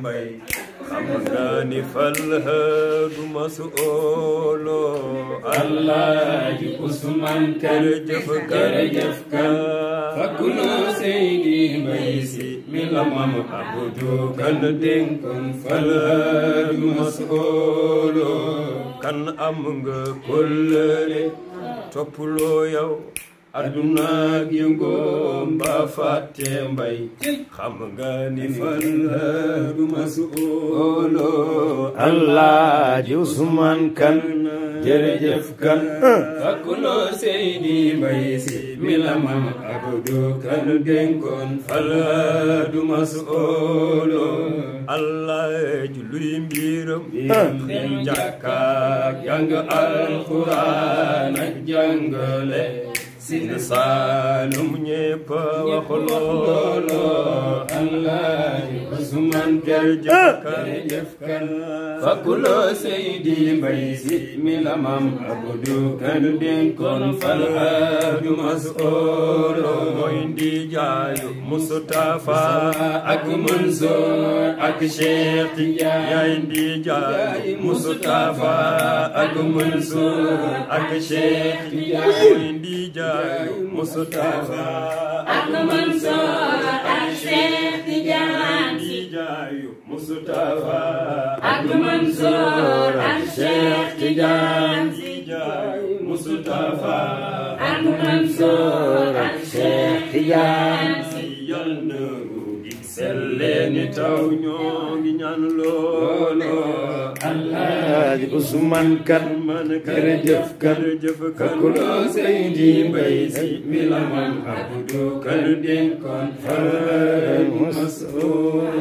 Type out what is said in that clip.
mbay xam naa ni falhaadu masuuloo alaaji usman kan jërëjëf jërëjëf kan fakkuloo seydi mbay si mi la mam abudu kan dénkoon falhaadu masuuloo kan am nga kóllëre toppuloo yow aduna ak yëngoom ba fàtte mbay xam nga ni fan la du ma suolo Alaaji Usmaan Kan jërëjëf kan fakkuloo Seydi Mbay Si mi la mam abdu kan dénkoon fan la du ma suolo Alaaji luy mbiram jàkkaak jàng alxuraan ak jàngale Sine Saalum ñépp wax loolu Alaaji Usmaan jërëjëf kan jëf kan fakuloo Seydi Mbay Si mi la maam Abdu kan dénkoon fal Haaju Masuur mooy ndi jaayu Mustafa ak Mansoor ak Cheikh yaay jaayu Mustafa ak Mansour ak Cheikh Ndiaye Ndiaye Moustapha yal na ru gi sell ni taw ñoo ngi ñaan looloo alaaji Usmaan kan jërëjëf kan fakuloo saydi mbay si mi la man abdu kan dénkoon fal masuur